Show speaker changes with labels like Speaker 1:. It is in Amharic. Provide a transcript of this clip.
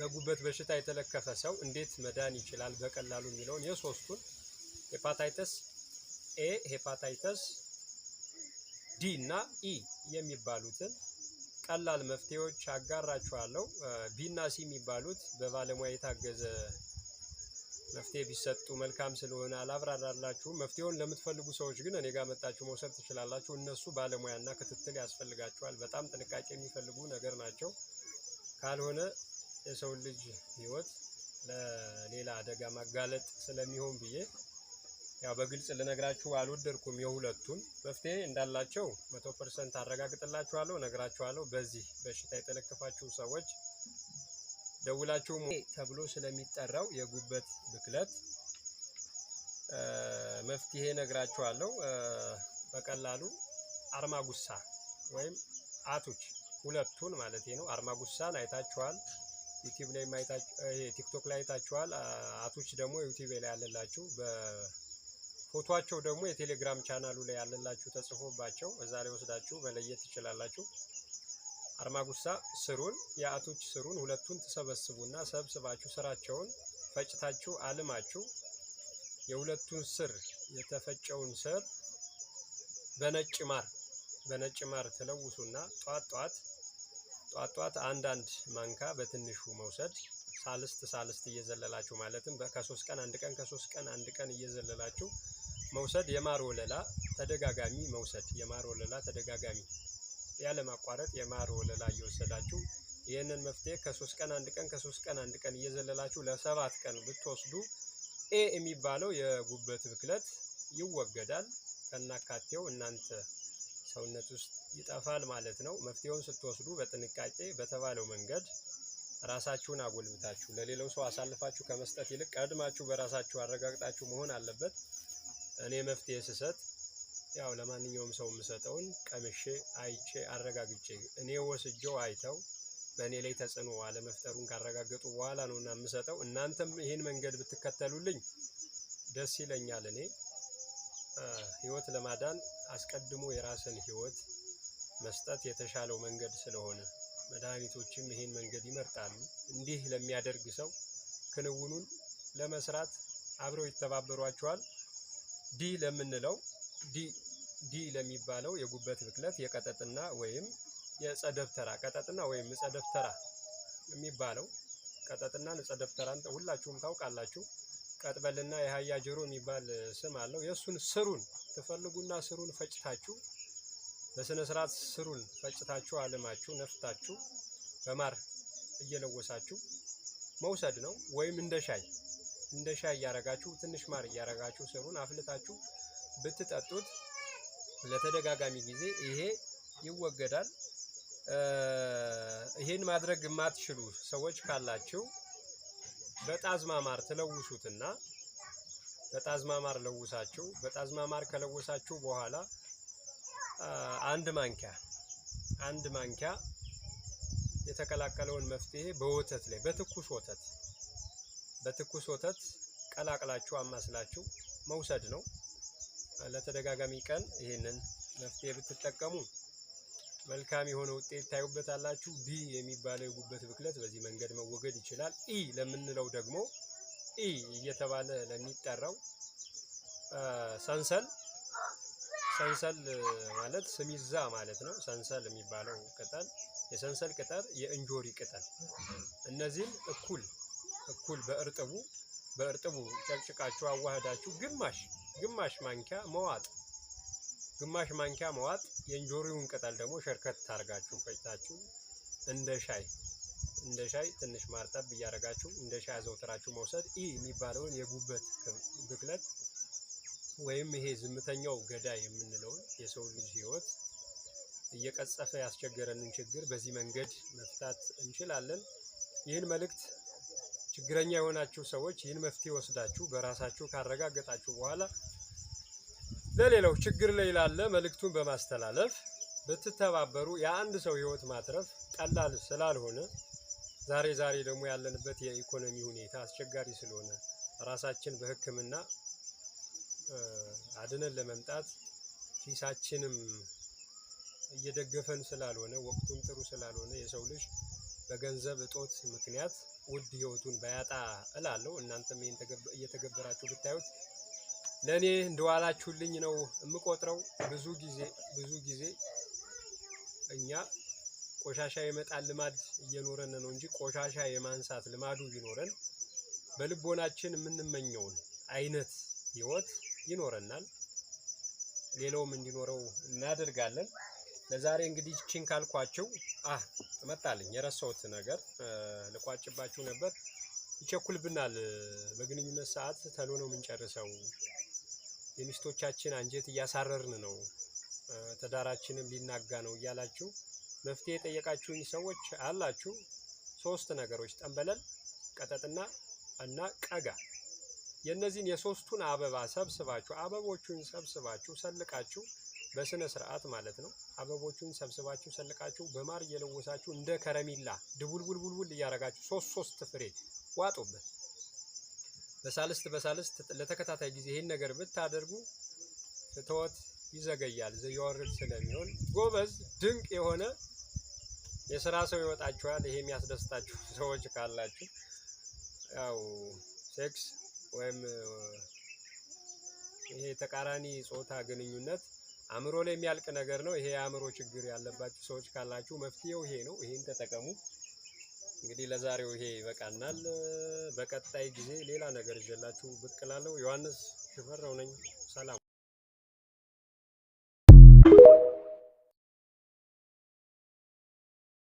Speaker 1: በጉበት በሽታ የተለከፈ ሰው እንዴት መዳን ይችላል በቀላሉ የሚለውን የሶስቱን ሄፓታይተስ ኤ፣ ሄፓታይተስ ዲ እና ኢ የሚባሉትን ቀላል መፍትሄዎች አጋራችኋለሁ። ቢ እና ሲ የሚባሉት በባለሙያ የታገዘ መፍትሄ ቢሰጡ መልካም ስለሆነ አላብራራላችሁም። መፍትሄውን ለምትፈልጉ ሰዎች ግን እኔ ጋር መጣችሁ መውሰድ ትችላላችሁ። እነሱ ባለሙያና ክትትል ያስፈልጋቸዋል። በጣም ጥንቃቄ የሚፈልጉ ነገር ናቸው። ካልሆነ የሰው ልጅ ህይወት ለሌላ አደጋ ማጋለጥ ስለሚሆን ብዬ ያው በግልጽ ልነግራችሁ አልወደድኩም። የሁለቱን መፍትሄ እንዳላቸው መቶ ፐርሰንት አረጋግጥላችኋለሁ፣ ነግራችኋለሁ። በዚህ በሽታ የተለከፋችሁ ሰዎች ደውላችሁ ተብሎ ስለሚጠራው የጉበት ብክለት መፍትሄ ነግራችኋለሁ። በቀላሉ አርማጉሳ ወይም አቶች ሁለቱን ማለት ነው። አርማጉሳን አይታችኋል። ዩቲብ ላይ ቲክቶክ ላይ አይታችኋል። አቶች ደግሞ ዩቲብ ላይ ያለላችሁ በፎቶቸው ደግሞ የቴሌግራም ቻናሉ ላይ ያለላችሁ ተጽፎባቸው እዛ ላይ ወስዳችሁ መለየት ትችላላችሁ። አርማጉሳ ስሩን የአቶች ስሩን ሁለቱን ትሰበስቡና ሰብስባችሁ ስራቸውን ፈጭታችሁ አልማችሁ የሁለቱን ስር የተፈጨውን ስር በነጭ ማር በነጭ ማር ትለውሱና ጧት ጧት ጧት ጧት አንዳንድ ማንካ በትንሹ መውሰድ ሳልስት ሳልስት እየዘለላችሁ ማለትም ከሶስት ቀን አንድ ቀን ከሶስት ቀን አንድ ቀን እየዘለላችሁ መውሰድ የማር ወለላ ተደጋጋሚ መውሰድ የማር ወለላ ተደጋጋሚ ያለ ማቋረጥ የማር ወለላ እየወሰዳችሁ ይህንን መፍትሄ ከሶስት ቀን አንድ ቀን ከሶስት ቀን አንድ ቀን እየዘለላችሁ ለሰባት ቀን ብትወስዱ ኤ የሚባለው የጉበት ብክለት ይወገዳል። ከናካቴው እናንተ ሰውነት ውስጥ ይጠፋል ማለት ነው። መፍትሄውን ስትወስዱ በጥንቃቄ በተባለው መንገድ ራሳችሁን አጎልብታችሁ ለሌላው ሰው አሳልፋችሁ ከመስጠት ይልቅ ቀድማችሁ በራሳችሁ አረጋግጣችሁ መሆን አለበት። እኔ መፍትሄ ስሰጥ ያው ለማንኛውም ሰው የምሰጠውን ቀምሼ አይቼ አረጋግጬ እኔ ወስጀው አይተው በእኔ ላይ ተጽዕኖ አለመፍጠሩን ካረጋገጡ በኋላ ነው እና የምሰጠው። እናንተም ይህን መንገድ ብትከተሉልኝ ደስ ይለኛል እኔ ህይወት ለማዳን አስቀድሞ የራስን ህይወት መስጠት የተሻለው መንገድ ስለሆነ መድኃኒቶችም ይህን መንገድ ይመርጣሉ። እንዲህ ለሚያደርግ ሰው ክንውኑን ለመስራት አብረው ይተባበሯቸዋል። ዲ ለምንለው ዲ ለሚባለው የጉበት ብክለት የቀጠጥና ወይም የዕፀ ደብተራ ቀጠጥና ወይም ዕፀ ደብተራ የሚባለው ቀጠጥና ዕፀ ደብተራን ሁላችሁም ታውቃላችሁ። ቀጥበልና የሀያ ጆሮ የሚባል ስም አለው። የእሱን ስሩን ትፈልጉና ስሩን ፈጭታችሁ በስነ ስርዓት ስሩን ፈጭታችሁ አለማችሁ ነፍታችሁ በማር እየለወሳችሁ መውሰድ ነው። ወይም እንደ ሻይ እንደ ሻይ እያረጋችሁ ትንሽ ማር እያረጋችሁ ስሩን አፍልታችሁ ብትጠጡት ለተደጋጋሚ ጊዜ ይሄ ይወገዳል። ይሄን ማድረግ የማትችሉ ሰዎች ካላችሁ በጣዝማ ማር ትለውሱትና በጣዝማ ማር ለውሳችሁ በጣዝማ ማር ከለወሳችሁ በኋላ አንድ ማንኪያ አንድ ማንኪያ የተቀላቀለውን መፍትሄ በወተት ላይ በትኩስ ወተት በትኩስ ወተት ቀላቅላችሁ አማስላችሁ መውሰድ ነው። ለተደጋጋሚ ቀን ይህንን መፍትሄ ብትጠቀሙ መልካም የሆነ ውጤት ታዩበታላችሁ። ቢ የሚባለው የጉበት ብክለት በዚህ መንገድ መወገድ ይችላል። ኢ ለምንለው ደግሞ ኢ እየተባለ ለሚጠራው ሰንሰል ሰንሰል ማለት ስሚዛ ማለት ነው። ሰንሰል የሚባለው ቅጠል የሰንሰል ቅጠል፣ የእንጆሪ ቅጠል እነዚህም እኩል እኩል በእርጥቡ በእርጥቡ ጨቅጭቃችሁ አዋህዳችሁ ግማሽ ግማሽ ማንኪያ መዋጥ ግማሽ ማንኪያ መዋጥ፣ የእንጆሪውን ቅጠል ደግሞ ሸርከት ታርጋችሁ ፈጭታችሁ እንደ ሻይ እንደ ሻይ ትንሽ ማርጠብ እያደረጋችሁ እንደ ሻይ አዘውትራችሁ መውሰድ ኢ የሚባለውን የጉበት ብክለት ወይም ይሄ ዝምተኛው ገዳይ የምንለውን የሰው ልጅ ህይወት እየቀጸፈ ያስቸገረንን ችግር በዚህ መንገድ መፍታት እንችላለን። ይህን መልእክት ችግረኛ የሆናችሁ ሰዎች ይህን መፍትሄ ወስዳችሁ በራሳችሁ ካረጋገጣችሁ በኋላ ለሌላው ችግር ላይ ላለ መልእክቱን በማስተላለፍ ብትተባበሩ የአንድ ሰው ህይወት ማትረፍ ቀላል ስላልሆነ ዛሬ ዛሬ ደግሞ ያለንበት የኢኮኖሚ ሁኔታ አስቸጋሪ ስለሆነ ራሳችን በሕክምና አድነን ለመምጣት ኪሳችንም እየደገፈን ስላልሆነ ወቅቱም ጥሩ ስላልሆነ የሰው ልጅ በገንዘብ እጦት ምክንያት ውድ ህይወቱን ባያጣ እላለሁ። እናንተም ይህን እየተገበራችሁ ብታዩት ለእኔ እንደዋላችሁልኝ ነው የምቆጥረው። ብዙ ጊዜ ብዙ ጊዜ እኛ ቆሻሻ የመጣል ልማድ እየኖረን ነው እንጂ ቆሻሻ የማንሳት ልማዱ ቢኖረን በልቦናችን የምንመኘውን አይነት ህይወት ይኖረናል። ሌላውም እንዲኖረው እናደርጋለን። ለዛሬ እንግዲህ ቺን ካልኳችሁ መጣልኝ የረሳሁት ነገር ልቋጭባችሁ ነበር። ይቸኩልብናል። በግንኙነት ሰዓት ተሎ ነው የምንጨርሰው። የሚስቶቻችን አንጀት እያሳረርን ነው፣ ትዳራችንም ሊናጋ ነው እያላችሁ መፍትሄ የጠየቃችሁኝ ሰዎች አላችሁ። ሶስት ነገሮች ጠንበለል፣ ቀጠጥና እና ቀጋ የእነዚህን የሶስቱን አበባ ሰብስባችሁ አበቦቹን ሰብስባችሁ ሰልቃችሁ በስነ ስርዓት ማለት ነው። አበቦቹን ሰብስባችሁ ሰልቃችሁ በማር እየለወሳችሁ እንደ ከረሚላ ድቡልቡልቡልቡል እያረጋችሁ ሶስት ሶስት ፍሬ ዋጡበት። በሳልስት በሳልስት ለተከታታይ ጊዜ ይህን ነገር ብታደርጉ ፍትወት ይዘገያል የወርድ ስለሚሆን ጎበዝ ድንቅ የሆነ የስራ ሰው ይወጣችኋል። ይሄ የሚያስደስታችሁ ሰዎች ካላችሁ ያው ሴክስ ወይም ይሄ ተቃራኒ ጾታ ግንኙነት አእምሮ ላይ የሚያልቅ ነገር ነው። ይሄ የአእምሮ ችግር ያለባችሁ ሰዎች ካላችሁ መፍትሄው ይሄ ነው። ይሄን ተጠቀሙ። እንግዲህ ለዛሬው ይሄ ይበቃናል። በቀጣይ ጊዜ ሌላ ነገር ይዤላችሁ ብቅ እላለሁ። ዮሐንስ ሽፈራው ነኝ። ሰላም